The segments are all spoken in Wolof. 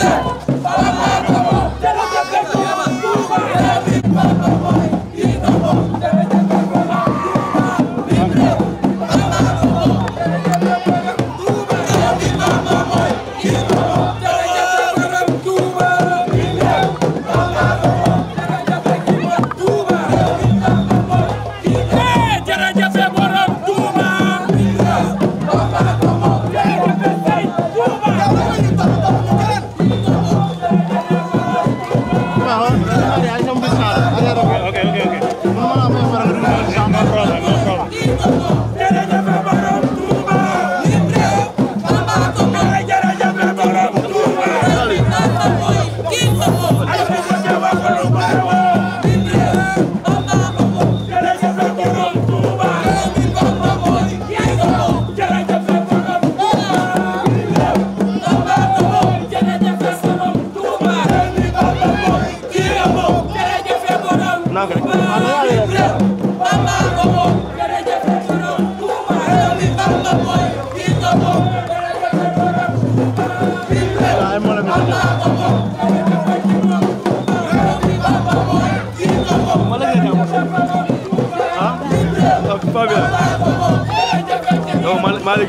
Thank you.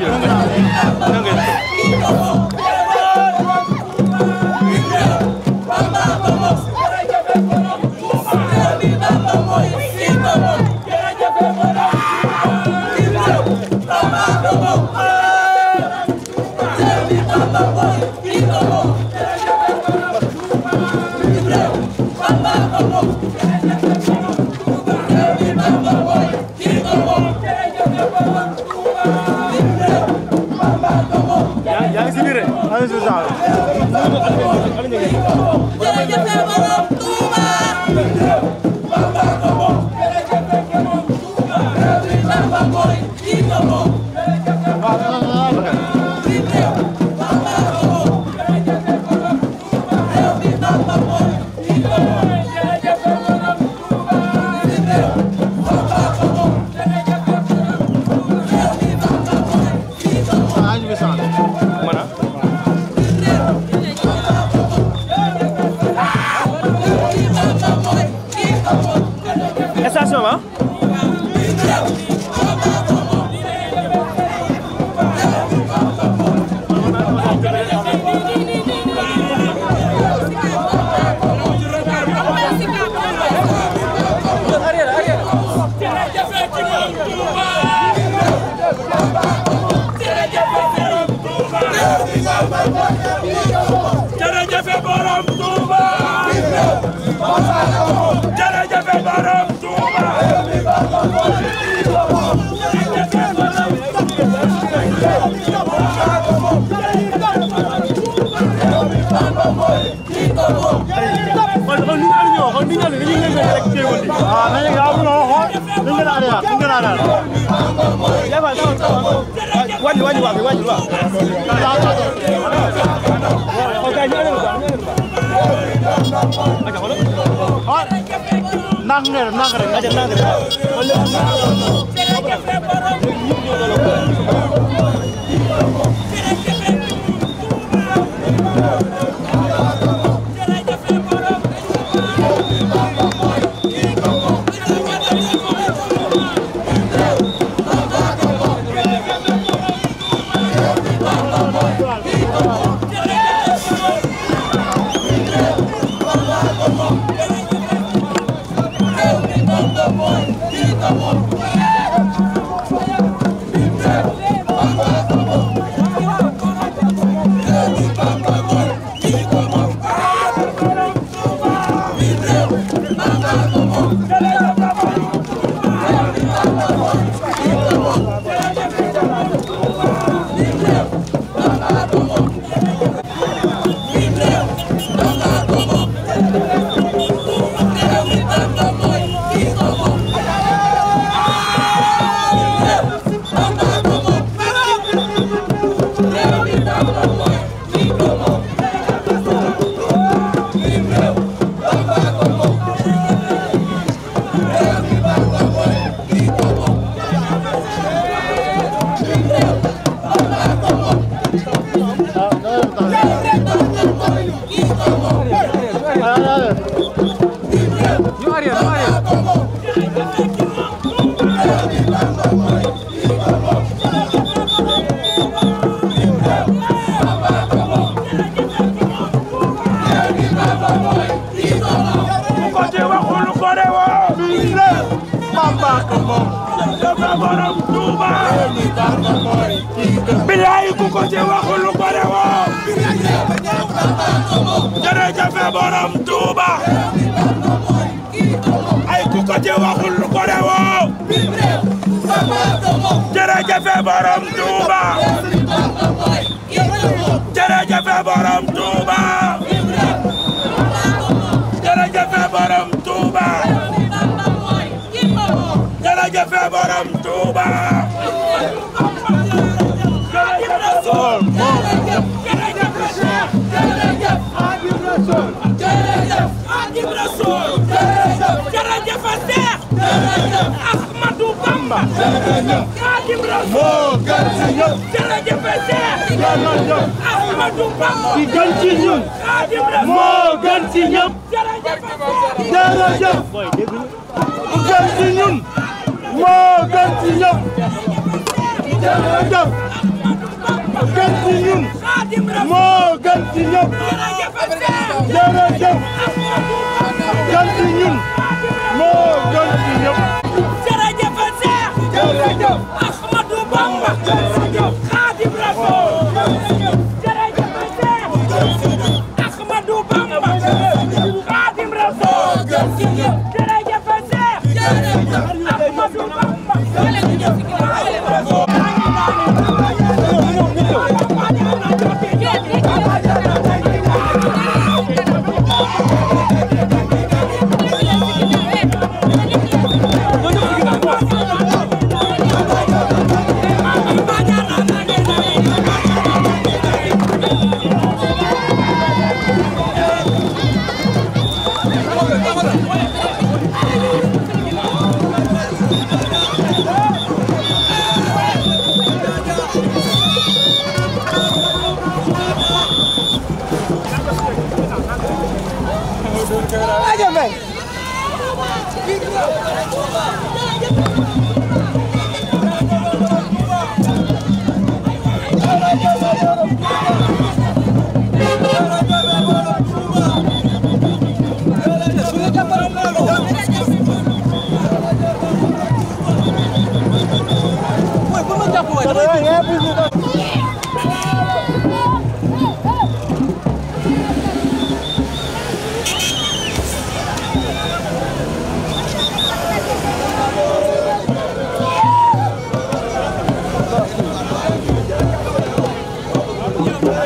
얘기를 하는 거예요. Thank you. nang ne nang rek aja nang rek wala borom Touba ay ku ko ci waxul ko rewo jërëjëf borom Touba Ahmadou Bamba Xaadimu Rasuul moo gën ci ñun jërëjëf Seex Ahmadou Bamba ki gën ci ñun Xaadimu Rasuul moo gën ci ñun jërëjëf ku gën ci ñun moo gën ci ñun jërëjëf ku gën ci ñun moo gën ci ñun jërëjëf gën ci ñun moo gën ci ñëpp. jërëjëf Seex. jërëjëf Ahmadou Bamba. jërëjëf Xaadim Rasuul. jërëjëf Seex. Ahmadou Bamba. Xaadim Rasuul. jërëjëf Seex. jërëjëf Ahmadou Bamba. Aja Mbaye Aja Mbaye Thank you.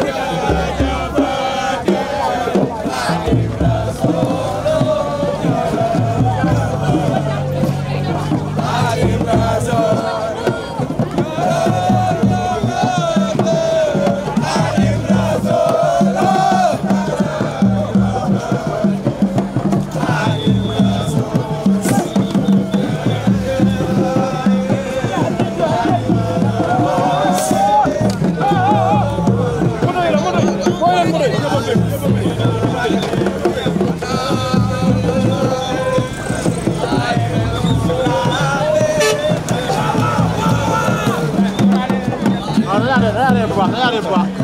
bu baax